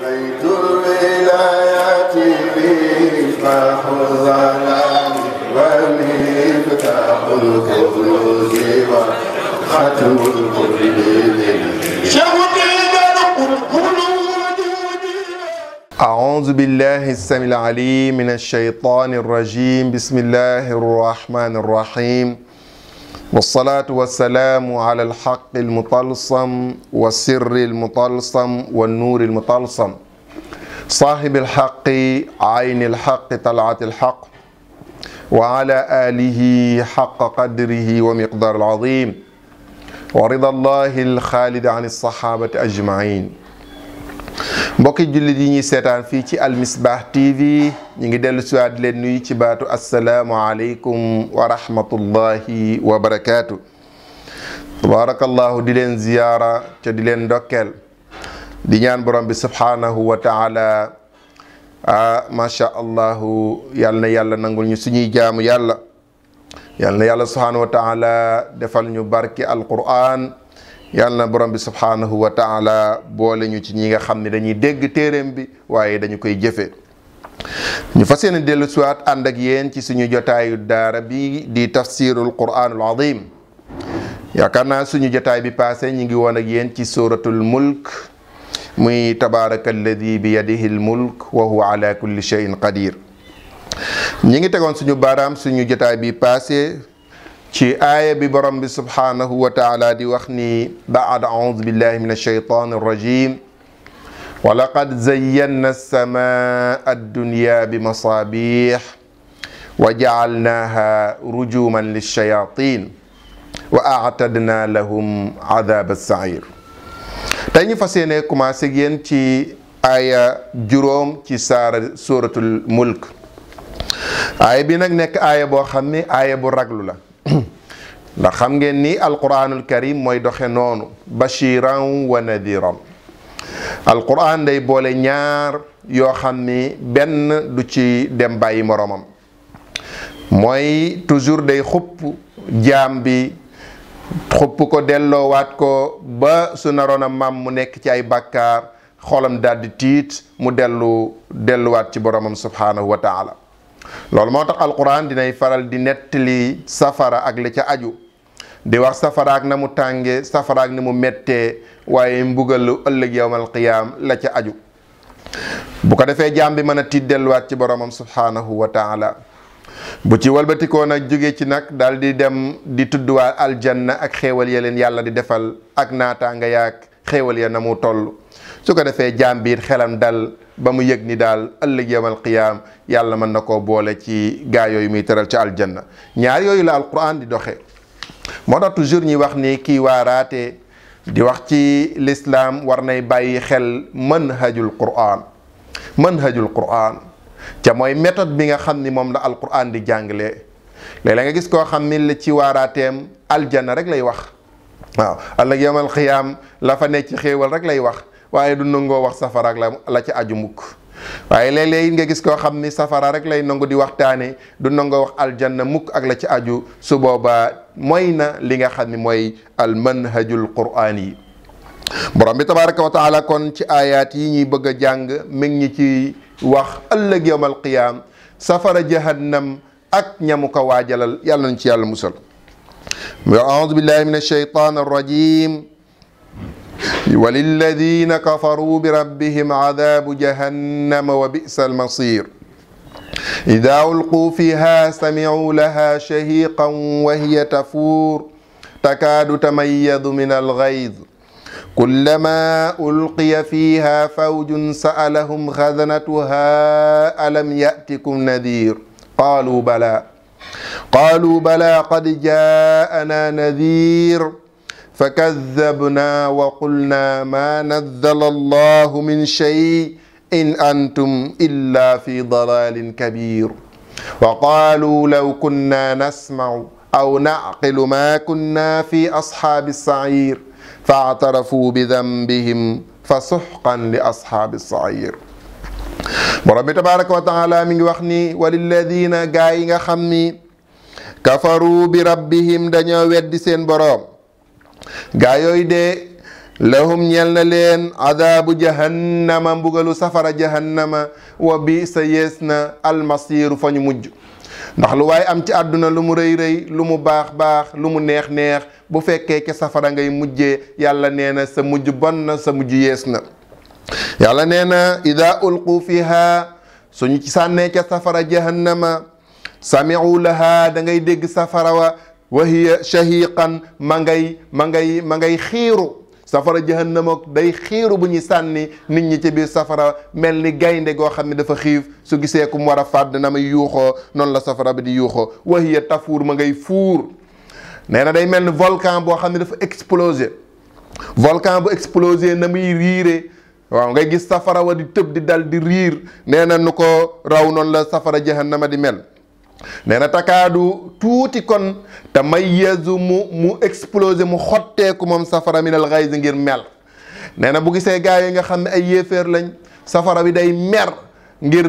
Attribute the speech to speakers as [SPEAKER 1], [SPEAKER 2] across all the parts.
[SPEAKER 1] بيت الولايات الخلود الكل أعوذ بالله السميع العليم من الشيطان الرجيم بسم الله الرحمن الرحيم والصلاة والسلام على الحق المطلسم والسر المطلسم والنور المطلسم صاحب الحق عين الحق طلعة الحق وعلى آله حق قدره ومقدار العظيم ورضا الله الخالد عن الصحابة أجمعين mbokki jullit yi ñuy seetaan fii ci almisbah tv ñu ngi dellu si waat di leen nuyu ci baatu asalaamualeykum wa rahmatullahi wa barakaatu tabaarakallahu di leen ziyaara ca di leen ndokkeel di ñaan borom bi subhaanahu wa taala ah macha allahu yàlla na nangul ñu suñuy jaamu yàlla yàlla na yàlla subhaanahu wa defal ñu barki alquran يالنا برام بي سبحانه وتعالى بولي نيو تي نيغا خامني داني ديغ تيرم بي وايي داني كوي جيفه ني فاسين ديلو سوات اندك يين تي سونو جوتاي دارا بي دي تفسير القران العظيم يا كانا سونو جوتاي بي باسي نيغي وون اك يين تي سوره الملك مي تبارك الذي بيده الملك وهو على كل شيء قدير نيغي تيغون سونو بارام سونو جوتاي بي باسي ci آية ببرم borom وتعالى subhanahu wa ta'ala di wax ni ba'd a'udhu ولقد زينا السماء الدنيا بمصابيح وجعلناها رجوما للشياطين واعتدنا لهم عذاب السعير تاني فاسيني كوماسي ген تي ايا جوروم تي سار سوره الملك آية بي آية نيك ايا بو خامي ايا بو راغلو لا ndax xam ngeen ni alquranul karim mooy doxe noonu bashiran wa nadiran alquran day boole ñaar yoo xam ni benn du ci dem bàyyi moroomam mooy toujours day xupp jaam bi xupp ko delloowaat ko ba su naroon a maam mu nekk ci ay bàkkaar xolam daldi tiit mu dellu delluwaat ci boromam subhaanahu wa loolu moo tax alxuraan dinay faral di nettali safara ak la ca aju di wax safara ak na mu tànge safara ak ni mu mettee waaye mbugalu ëllëg yowmal qiyaam la ca aju bu ko defee jaam bi mën a tiit delluwaat ci boromam subhaanahu wa taala bu ci walbatikoo nag jóge ci nag dal di dem di tudd waa aljanna ak xéewal ya leen yàlla di defal ak naataanga yaag xéewal ya na mu toll su ko defee jaam biir xelam dal ba mu yëg ni daal ëllëg yawmal qiyaam yàlla mën na koo boole ci gaa yooyu muy tëral ca aljanna ñaar yooyu la alquran di doxe moo tax toujours ñi wax nii kii waaraate di wax ci lislaam war nay bàyyi xel manhajul quran manhajul quran ca mooy méthode bi nga xam ni moom la alquran di jàngale léeg-léeg nga gis koo xam ni la ci waaraateem aljanna rek lay wax waaw ëllëg yawmal qiyaam la fa ne ci xéewal rek lay wax waye du nango wax safara ak la ci aju mukk waye léeg-léeg nga gis ko xamni safara rek lay nango di waxtane du nango wax janna mukk ak la ci aju su boba mooy na li nga xamni moy al manhajul qur'ani borom bi tabaraka wa taala kon ci aayaat yi ñi bëgg jang meñ ñi ci wax ëllëg yawmal qiyam safara jahannam ak ñamu ko wajalal yalla nañ ci yalla musal a'uudu billahi min alshaytaan arrajim وللذين كفروا بربهم عذاب جهنم وبئس المصير إذا ألقوا فيها سمعوا لها شهيقا وهي تفور تكاد تميز من الغيظ كلما ألقي فيها فوج سألهم خزنتها ألم يأتكم نذير قالوا بلى قالوا بلى قد جاءنا نذير فكذبنا وقلنا ما نزل الله من شيء إن أنتم إلا في ضلال كبير وقالوا لو كنا نسمع أو نعقل ما كنا في أصحاب السعير فاعترفوا بذنبهم فسحقا لأصحاب السعير borom تبارك وتعالى من وخني وللذين ngi خمي كفروا بربهم دنيا yi سين xam gaa yooyu de lahum ñel na leen adaabu jahannama mbugalu safara jahannama wa bi sa yees na almasiru fa ñu mujj ndax lu waaye am ci àdduna lu mu rëy rëy lu mu baax baax lu mu neex neex bu fekkee ca safara ngay mujjee yàlla nee na sa mujj bon na sa mujj yees na yàlla neena na ida ulqu fiha suñu ci sànnee ca safara jahannama samiu laha da ngay dégg safara wa wa hiya shahiqan ma ngay ma ngay ma ngay xiiru safara jahannama day xiiru bu ñuy sànni nit ñi ci biir safara mel ni gaynde goo xam ne dafa xiif su gisee ku mu war a fàdd na muy yuuxoo noonu la safara bi di yuuxoo wa hiya tafuur ma ngay fuur nee na day mel ni volcan boo xam ne dafa explosé volcan bu explosé na muy riire waaw ngay gis safara wa di tëb di dal di riir nee na nu ko raw noonu la safara jahannama di mel nee na takaadu tuuti kon te may mayyazu mu mu explosé mu xotteeku moom safara minal ghayz ngir mel nee na bu gisee gaa yi nga xam ne ay yéeféer lañ safara bi day mer ngir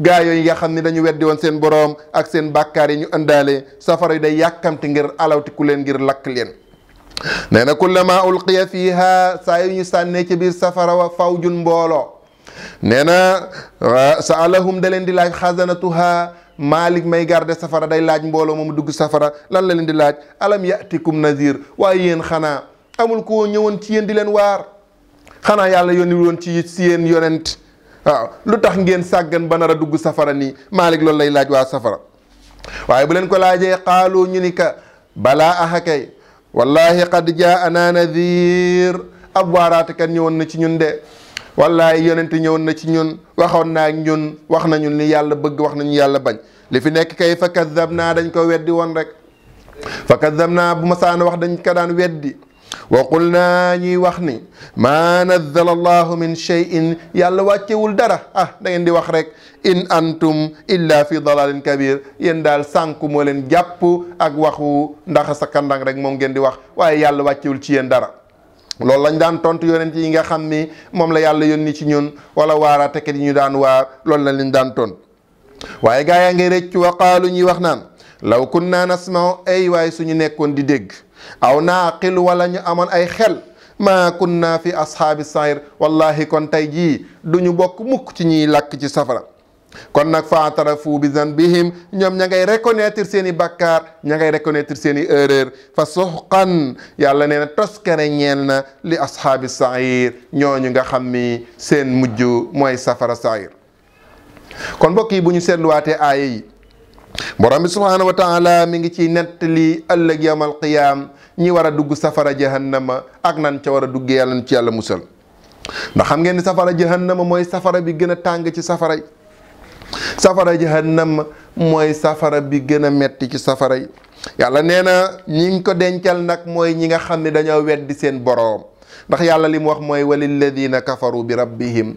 [SPEAKER 1] gaa yi nga xam ne dañu weddi woon seen boroom ak seen bàkkaar yi ñu ëndaale safara yi day yàkkamti ngir alawtiku leen ngir lakk leen nee na kullama ulqiya fiha saa yu ñu sànnee ci biir safara wa jun mbooloo nee na saalahum da leen di laaj xasanatuha Malik may garde safara day laaj mbooloo moom dugg safara lan la leen di laaj alam yatikum nazir waaye yéen xanaa amul koo ñëwoon ci yéen di leen waar xanaa yàlla yónni woon ci si yéen yonent lu tax ngeen sàggan ba nar a dugg safara nii Malik loolu lay laaj waa safara waaye bu leen ko laajee xaaloo ñu ni ka balaa ahakay wallahi qad jaana nadir ab waaraate kan ñëwoon na ci ñun de wallaay yonente ñëwoon na ci ñun waxoon naa ak ñun wax nañu ni yàlla bëgg wax nañu yàlla bañ li fi nekk kay fa kadab naa dañ ko weddi woon rek fa kadab naa bu ma saan wax dañ ko daan weddi wa qul naa ñuy wax ni maa nazzala allahu min cheyin yàlla wàccewul dara ah dangeen di wax rek in antum illa fi dalalin kabir yéen daal sànku moo leen jàpp ak waxu ndax sa kandang rek moom ngeen di wax waaye yàlla wàccewul ci yéen dara loolu lañ daan tontu yonent yi nga xam ni moom la yàlla yónni ci ñun wala waaraatekat yi ñu daan waar loolu lañ leen daan tontu waaye gaa yaa ngi rëcc wa qaalu ñuy wax naan law kunna nasmau ay waay ñu nekkoon di dégg aw naaqilu wala ñu amoon ay xel maa kunna fi ashaabi sair wallahi kon tey jii duñu bokk mukk ci ñuy làkk ci safara kon nag faatarafu bi zanbihim ñoom ña ngay reconnaître seeni i bakkaar ña ngay reconnaître seen i erreur fa suxqan yàlla nee na toskere ñeel na li ashaabi sair ñooñu nga xam ni seen mujj mooy safara sair kon mbokk yi bu ñu seetluwaatee aaya yi borom bi subhaanahu wa taala mi ngi ciy li ëllëg yawmal qiyaam ñi war a dugg safara jahannama ak nan ca war a dugg yàlla ci yàlla musal ndax xam ngeen ni safara jahannama mooy safara bi gën a tàng ci safara safara jahannam mooy safara bi gën a metti ci safara yi yàlla nee na ñi ngi ko dencal nag mooy ñi nga xam ne dañoo weddi seen boroom ndax yàlla li mu wax mooy walilladina kafaru bi rabbihim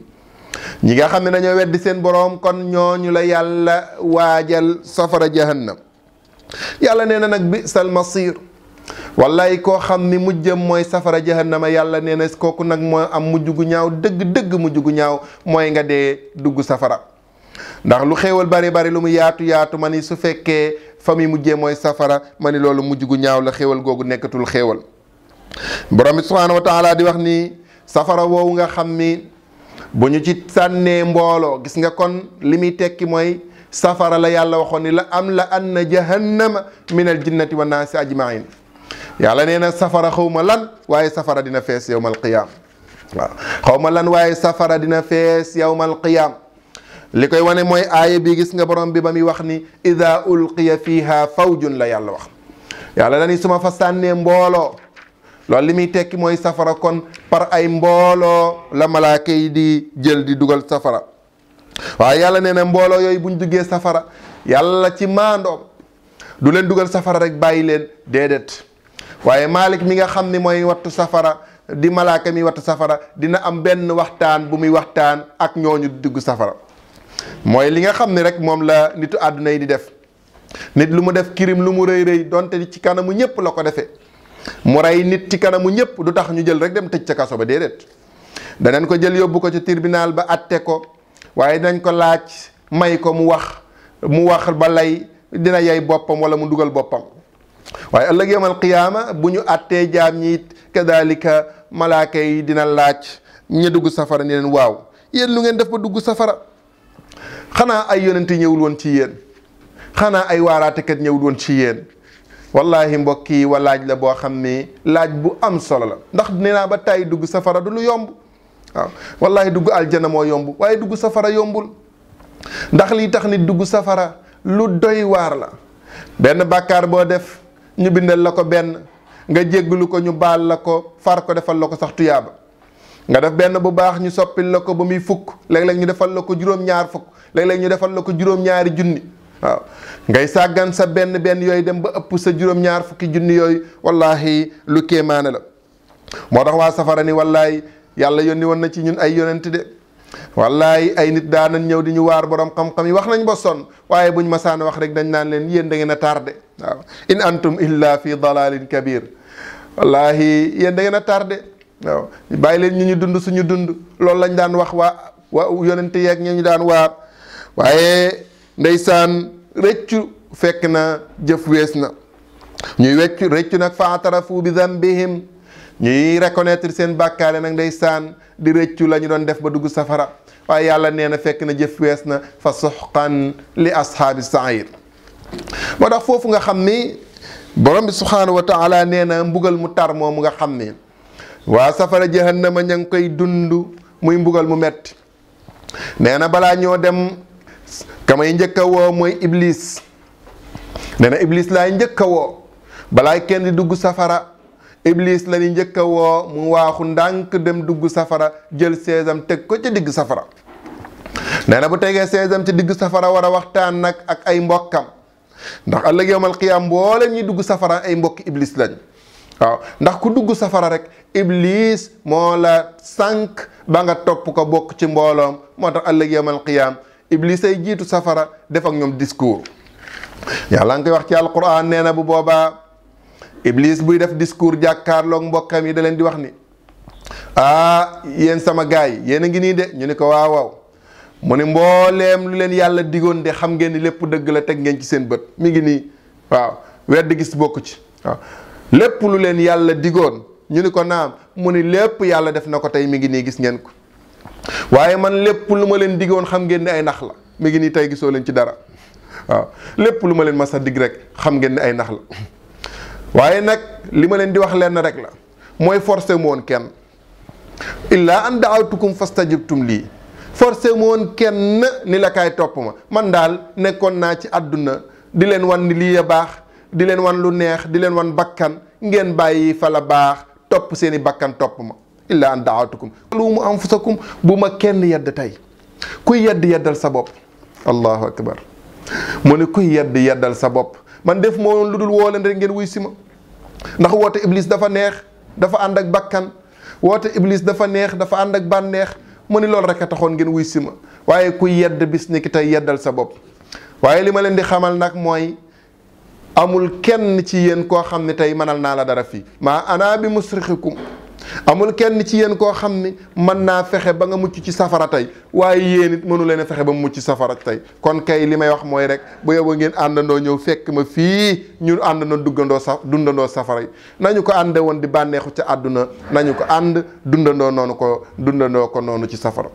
[SPEAKER 1] ñi nga xam ne dañoo weddi seen boroom kon ñoo ñu la yàlla waajal safara jahannam yàlla nee na nag bi sal masir wallaay koo xam ni jëm mooy safara jahannama yàlla nee na kooku nag moo am mujj gu ñaaw dëgg dëgg mujj gu ñaaw mooy nga dee dugg safara ndax lu xéewal bari bari lu mu yaatu yaatu ma ni su fekkee fa mu mujjee mooy safara ma ni loolu mujj gu ñaaw la xéewal googu nekkatul xéewal borom bi subhaanahu wa taala di wax ni safara woowu nga xam ni bu ñu ci sànnee mbooloo gis nga kon li muy tekki mooy safara la yàlla waxoon ni la am la anna jahannama min al jinnati wa naasi ajmain yàlla nee na safara xawma lan waaye safara dina fees yowmal qiyaam waaw xawma lan waaye safara dina fees yowmal qiyaam likoy wone moy aya bi gis nga borom bi ba wax ni idha ulqiya fiha fawjun la yalla wax yalla dani suma fa sànnee mbooloo loolu tekki safara kon par ay mbolo la malaika yi di jël di dugal safara wa yalla neena mbolo yoy buñ duggé safara yalla ci mando du len dugal safara rek bayi len dedet waye Malik mi nga xamni moy wattu safara di malaaka mi wattu safara dina am ben waxtaan bu mi waxtaan ak ñoñu dugg safara moy li nga xam rek mom la nitu aduna yi di def nit lu mu def kirim lu mu reey reey donte ci kanamu ñepp lako defé mu ray nit ci kanamu ñepp du tax ñu jël rek dem tecc ca kasso ba da nañ ko jël yobbu ko ci tribunal ba atté ko waye dañ ko laacc may ko mu wax mu wax ba lay dina yay bopam, wala mu duggal bopam waye ëllëg yamal qiyamah bu ñu jaam ñi kadalika malaaka yi dina lach, ñi dugg safara ne leen waaw yeen lu ngeen def ba dugg safara xanaa ay yonent ñëwul woon ci yéen xanaa ay waaraatekat ñëwul woon ci yéen wallahi mbokk yi wa laaj la boo xam ni laaj bu am solo la ndax nee naa ba tàyyi dugg safara du lu yomb waaw wallahi dugg aljana moo yomb waaye dugg safara yombul ndax lii tax nit dugg safara lu doy waar la benn bàkkaar boo def ñu bindal la ko benn nga jéggalu ko ñu baal la ko far ko defal la ko sax tuyaaba nga def benn bu baax ñu soppil la ko ba muy fukk léeg-léeg ñu defal la ko juróom fukk léeg-léeg ñu defal la ko juróom-ñaari junni waaw ngay sàggan sa benn benn yooyu dem ba ëpp sa juróom-ñaar fukki junni yooyu wallaahi lu kéemaane la moo tax waa safara ni wallaay yàlla yónni woon na ci ñun ay yonent de wallaay ay nit daanan ñëw di ñu waar borom xam-xam yi wax nañ ba sonn waaye buñ masaan wax rek dañ naan leen yéen da ngeen a tardé waaw in antum illa fi dalalin kabir wallaahi a tardé waaw bàyyi leen ñu ñu dund suñu dund loolu lañ daan wax waa waa yonente yeeg ñu ñu daan waar waaye ndeysaan rëccu fekk na jëf wees na ñuy weccu rëccu nag fa atarafu bi dambihim ñuy reconnaître seen bàkkaale nag ndeysaan di rëccu la ñu doon def ba dugg safara waaye yàlla nee na fekk na jëf wees na fa suxqan li ashaabi sair moo tax foofu nga xam ni boroom bi subhaanahu wa taala nee na mbugal mu tar moomu nga xam ni wa safara jahannama ña koy dundu muy mbugal mu metti neena bala balaa ñoo dem kamay njëkk wo moy iblis neena iblis la njëkk wo bala kenn di dugg safara iblis la ni njëkk wo mu waxu ndank dem dugg safara jël sesam tek ko ci digg safara neena bu tege sesam ci digg safara wara waxtaan ak ay mbokam ndax ëllëg yowmal bo mboolem ñi dugg safara ay mbokki iblis lañu waaw ndax ku dugg safara rek iblis moo la sank ba nga topp ko bokk ci mbooloom moo tax yamal qiyam iblis ay jiitu safara def ak ñoom discours yàlla nga koy wax ci alquran nee bu boobaa iblis buy def discours jàkkaarloog mbokkam yi da di wax ni ah yéen sama gaay yi yéen ngi nii de ñu ni ko waaw waaw mu ni mbooleem lu leen yàlla digoon de xam ngeen ni lépp dëgg la teg ngeen ci seen bët mi ngi nii waaw wedd gis bokku ci waaw lépp lu leen yàlla digoon ñu ni ko naam mu ni lépp yàlla def na ko tey mi ngi nii gis ngeen ko waaye man lépp lu ma leen digoon xam ngeen ne ay nax la mi ngi nii tey gisoo leen ci dara waaw lépp lu ma leen mas a dig rek xam ngeen ne ay nax la waaye nag li ma leen di wax lenn rek la mooy forcé mu woon kenn illaa an daawtukum fastajibtum lii forcé woon kenn ni la kaay topp ma man daal nekkoon naa ci àdduna di leen wan ni lii ya baax di leen wan lu neex di leen wan bakkan ngeen bàyyi fa la baax topp seeni bakkan topp ma illaa an daawatukum sa anfusakum bu ma kenn yedd tey kuy yedd yeddal sa bopp allahu akbar mu ne kuy yedd yeddal sa bopp man def moo lu dul woo leen rek ngeen wuy si ma ndax woote iblis dafa neex dafa ànd ak bakkan woote iblis dafa neex dafa ànd ak bànneex mu ni loolu rek a taxoon ngeen wuy si ma waaye kuy yedd bis ni tey yeddal sa bopp waaye li ma leen di xamal nag mooy amul kenn ci yéen koo xam ne tey mënal naa la dara fii maa ana bi musrixikum amul kenn ci yéen koo xam ni mën naa fexe ba nga mucc ci safara tey waaye yéen it mënu leen a fexe ba mu mucc ci safara tey kon kay li may wax mooy rek bu yóbbu ngeen àndandoo ñëw fekk ma fii ñu àndandoo duggandoo sa dundandoo safara yi nañu ko àndee woon di bànneexu ca àdduna nañu ko ànd dundandoo noonu ko dundandoo ko noonu ci safara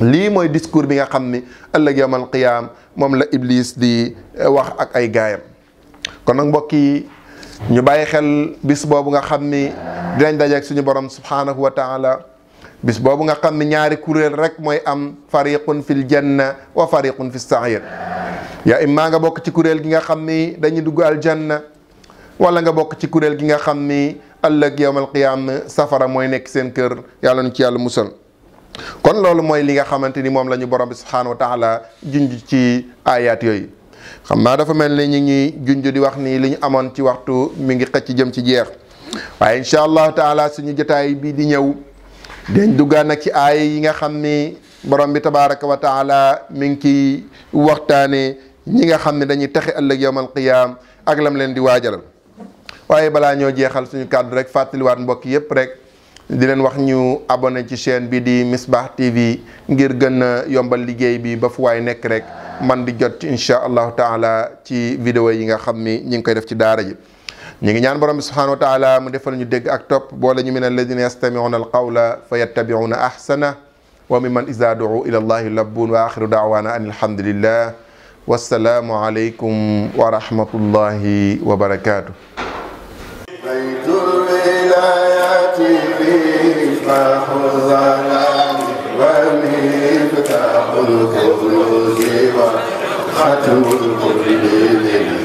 [SPEAKER 1] lii mooy discours bi nga xam ni ëllëg yawmal qiyaam moom la Iblis di eh, wax ak ay gaayam kon nak mbokk yi ñu bàyyi xel bis bobu nga xamni dinañ dinañ ak suñu borom subhanahu wa taala bis bobu nga xamni ñaari kurel rek moy am fariqun fil janna wa fariqun fis sair ya imma nga bok ci kurel gi nga xamni ni dañuy dugg janna wala nga bok ci kurel gi nga xamni allak ëllëg qiyam safara moy nek seen keur yalla ñu ci yalla musal kon lolu moy li nga xamanteni mom lañu borom subhanahu wa taala jinj ci ayat yooyu xamna dafa melni ñi ñi ngi di wax ni liñ ñu ci waxtu mi ngi xëcc jëm ci jeex inshallah taala suñu jotaay bi di ñew dañ duggaan nak ci ay yi nga xamni borom bi tabaarak wa taala mi ngi waxtane ñi nga xamni dañuy taxé ëlëk yowmal qiyam ak lam leen di waye bala ñoo jeexal suñu cadre rek waat mbokk yépp rek di len wax ñu abonné ci chaîne bi di Misbah TV ngir gëna yombal liggéey bi ba fu way nek rek man di jot insha allah taala ci vidéo yi nga xamni ni ngi koy def ci daara ji ñi ngi ñaan borom subhanahu wa taala mu defal ñu deg ak bo la ñu min alladina yastamiuna al qawla fayattabi'una ahsana wa mimman iza duu ila allah labbun wa akhiru da'wana anil alhamdulillah والسلام عليكم wa rahmatullahi وبركاته بيت الولايات فيه गुरु देवा खत्म गुरु देवा